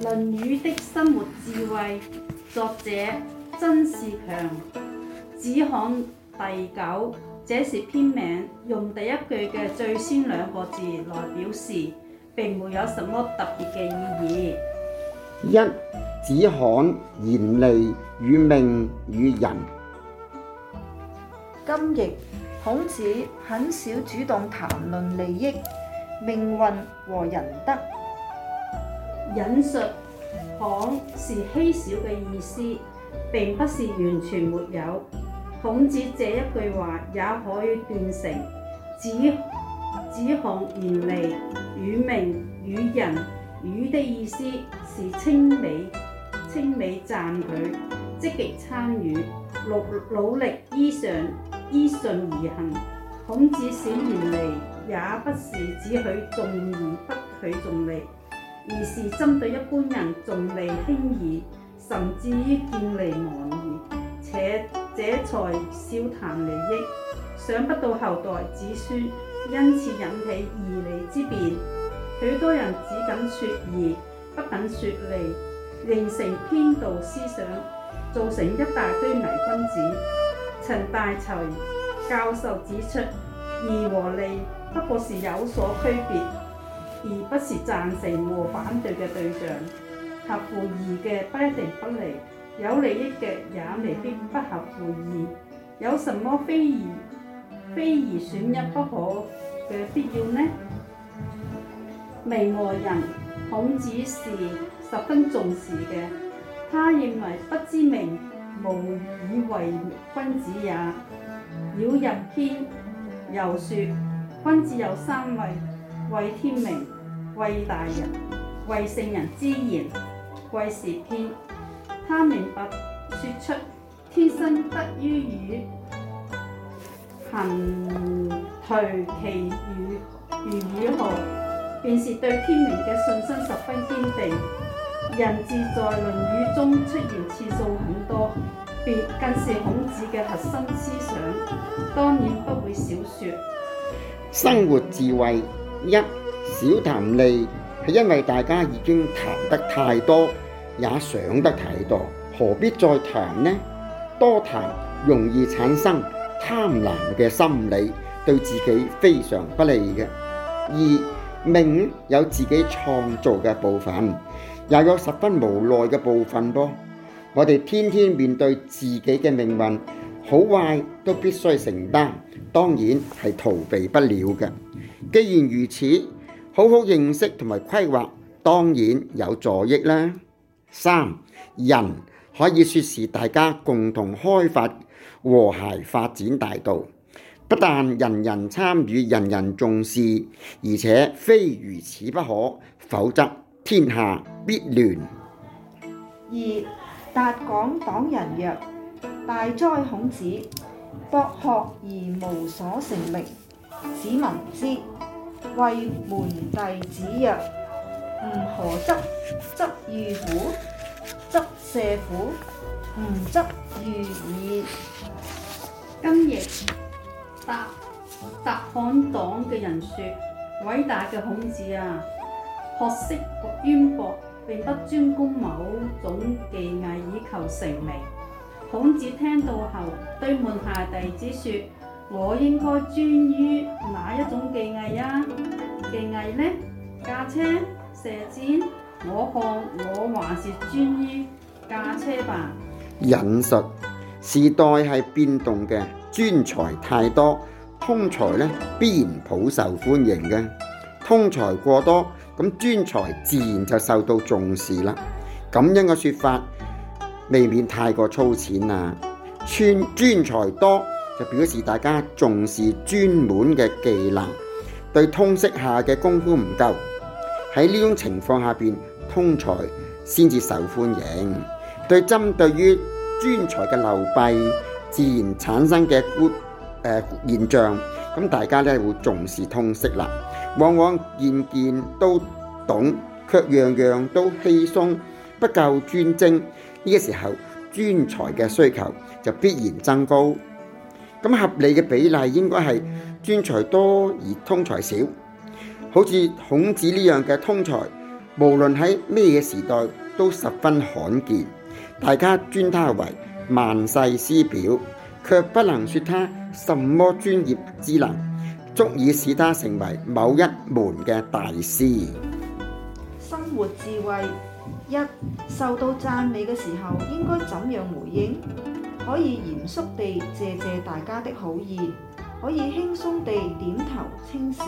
《論語》的生活智慧，作者曾仕強。子罕第九，這是篇名，用第一句嘅最先兩個字來表示，並沒有什麼特別嘅意義。一、子罕言利與命與仁。今譯，孔子很少主動談論利益、命運和仁德。引述“罕”，是稀少嘅意思，並不是完全沒有。孔子這一句話也可以斷成“子子罕言利與名與仁與”，人的意思是稱美、稱美讚許、積極參與、努努力依上依順而行。孔子少言利，也不是只許重義而不許重利。而是針對一般人重利輕義，甚至於見利忘義，且這才少談利益。想不到後代子孫因此引起義利之辨，許多人只敢說義，不敢說利，形成偏道思想，造成一大堆偽君子。陳大齊教授指出，義和利不過是有所區別。而不是贊成和反對嘅對象，合乎義嘅不一定不利，有利益嘅也未必不合乎義，有什麼非義非義選一不可嘅必要呢？命和仁，孔子是十分重視嘅，他認為不知命無以為君子也。天《堯曰篇》又說，君子有三畏。畏天命，畏大人，畏聖人之言，為是天。他明白說出天生德於予，桓魋其如，如予何？便是對天命嘅信心十分堅定。仁字在《論語》中出現次數很多，別更是孔子嘅核心思想，當然不會少說。生活智慧。一，少談利，係因為大家已經談得太多，也想得太多，何必再談呢？多談容易產生貪婪嘅心理，對自己非常不利嘅。二，命有自己創造嘅部分，也有十分無奈嘅部分噃。我哋天天面對自己嘅命運，好壞都必須承擔，當然係逃避不了嘅。既然如此，好好認識同埋規劃，當然有助益啦。三，人可以説是大家共同開發和諧發展大道，不但人人參與、人人重視，而且非如此不可，否則天下必亂。二，達港黨人曰：大哉孔子，博學而無所成名。子聞之，謂門弟子曰：吾何執？執御乎？執射乎？吾執御矣。今亦答答罕黨嘅人說：偉大嘅孔子啊，學識淵博，並不專攻某種技藝以求成名。孔子聽到後，對門下弟子說。我應該專於哪一種技藝呀、啊？技藝呢？駕車、射箭？我看我還是專於駕車吧。引述，時代係變動嘅，專才太多，通才呢必然普受歡迎嘅。通才過多，咁專才自然就受到重視啦。咁樣嘅說法，未免太過粗淺啦。專專才多。就表示大家重視專門嘅技能，對通識下嘅功夫唔夠，喺呢種情況下邊，通才先至受歡迎。對針對於專才嘅流弊，自然產生嘅孤誒現象，咁大家呢會重視通識啦。往往件件都懂，卻樣樣都稀鬆，不夠專精呢，這個時候，專才嘅需求就必然增高。咁合理嘅比例應該係專才多而通才少，好似孔子呢樣嘅通才，無論喺咩嘢時代都十分罕見。大家尊他為萬世師表，卻不能說他什麼專業之能，足以使他成為某一門嘅大師。生活智慧一，受到讚美嘅時候，應該怎樣回應？可以嚴肅地謝謝大家的好意，可以輕鬆地點頭稱是。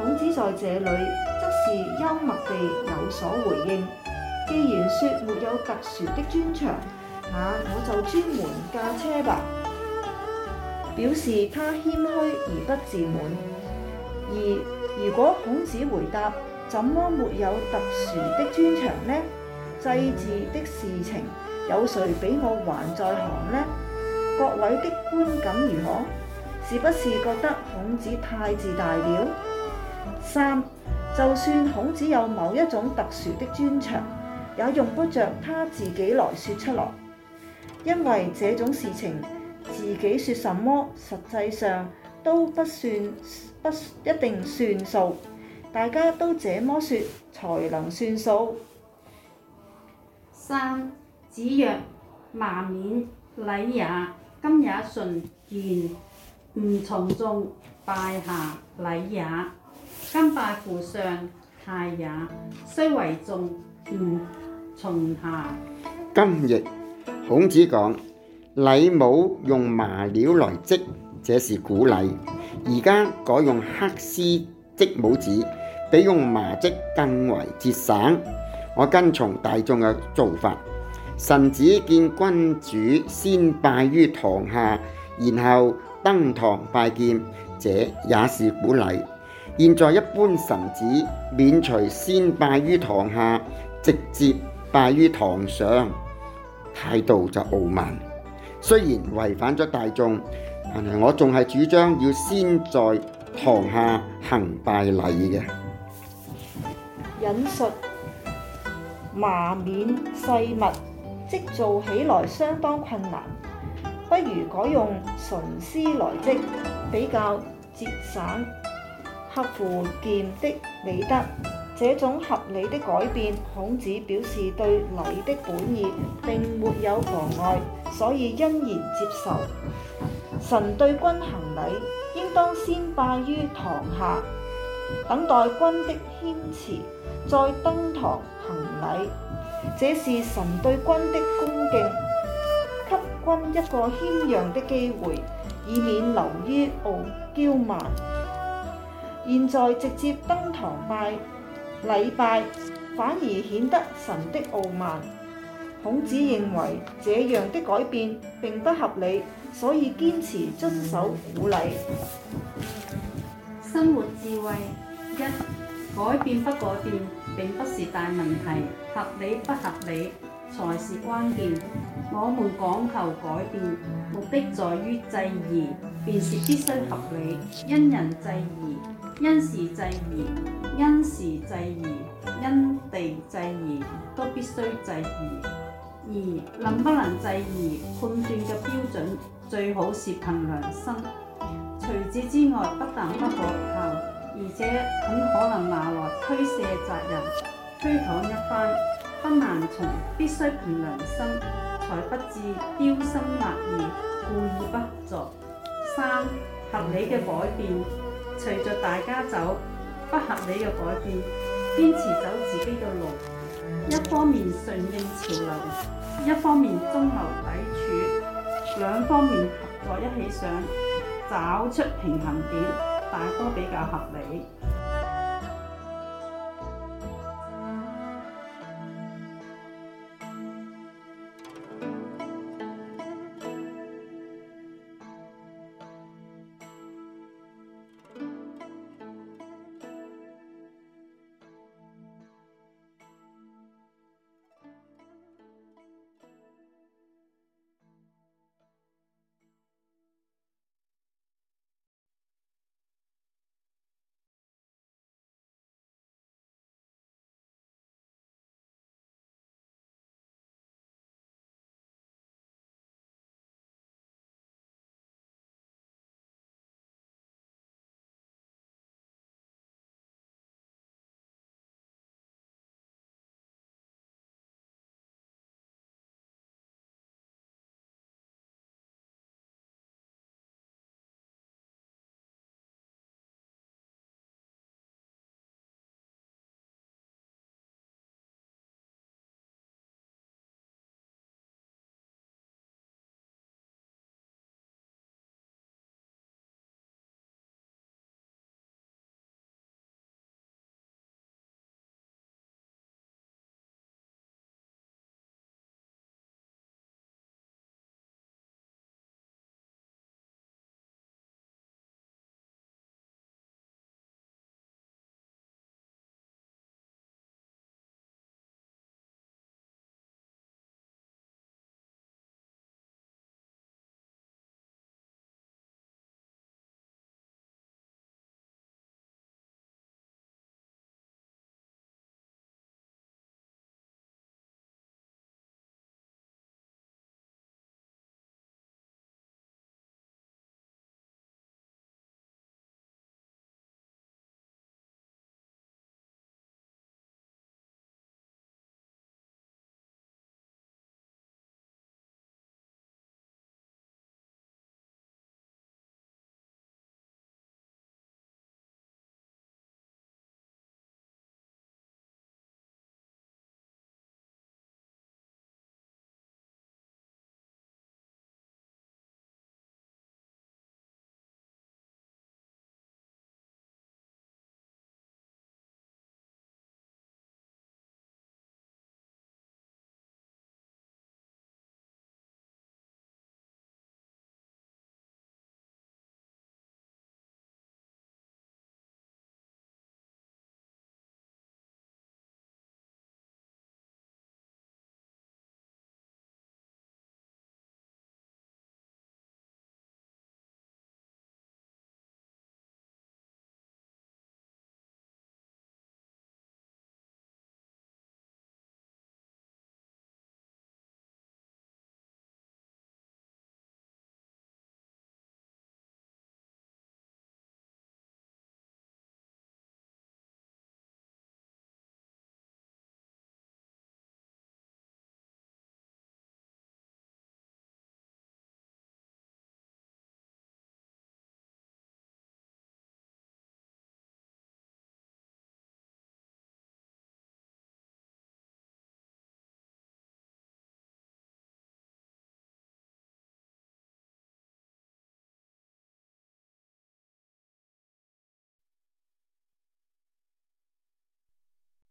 孔子在這裡則是幽默地有所回應。既然說沒有特殊的專長，那我就專門駕車吧，表示他謙虛而不自滿。而如果孔子回答怎麼沒有特殊的專長呢？祭祀的事情，有誰比我還在行呢？各位的觀感如何？是不是覺得孔子太自大了？三，就算孔子有某一種特殊的專長，也用不着他自己來說出來，因為這種事情自己說什麼，實際上都不算，不一定算數。大家都這麼說，才能算數。三。子曰：麻冕，禮也；今也純，儉，吾從眾。拜下禮也，今拜乎上太也，雖為眾，吾從下。今日孔子講禮帽用麻料來織，這是古禮。而家改用黑絲織帽子，比用麻織更為節省。我跟從大眾嘅做法。臣子見君主，先拜於堂下，然後登堂拜見，這也是古禮。現在一般臣子免除先拜於堂下，直接拜於堂上，態度就傲慢。雖然違反咗大眾，但係我仲係主張要先在堂下行拜禮嘅。引述麻冕，細密。即做起來相當困難，不如改用純絲來織，比較節省，合乎儉的美德。這種合理的改變，孔子表示對禮的本意並沒有妨礙，所以欣然接受。臣對君行禮應當先拜於堂下，等待君的謙辭，再登堂行禮。這是神對君的恭敬，給君一個謙讓的機會，以免流於傲嬌慢。現在直接登堂拜禮拜，反而顯得神的傲慢。孔子認為這樣的改變並不合理，所以堅持遵守古禮。生活智慧一。改變不改變並不是大問題，合理不合理才是關鍵。我們講求改變，目的在於制宜，便是必須合理。因人制宜、因時制宜、因時制宜、因地制宜，都必須制宜。而能不能制宜，判斷嘅標準最好是憑良心。除此之，之外，不但不可靠。而且很可能拿來推卸責任、推搪一番，不難從必須憑良心，才不至標新立異，故意不合作。三，合理嘅改變，隨着大家走；不合理嘅改變，堅持走自己嘅路。一方面順應潮流，一方面中流砥柱，兩方面合作一起想，找出平衡點。大多比較合理。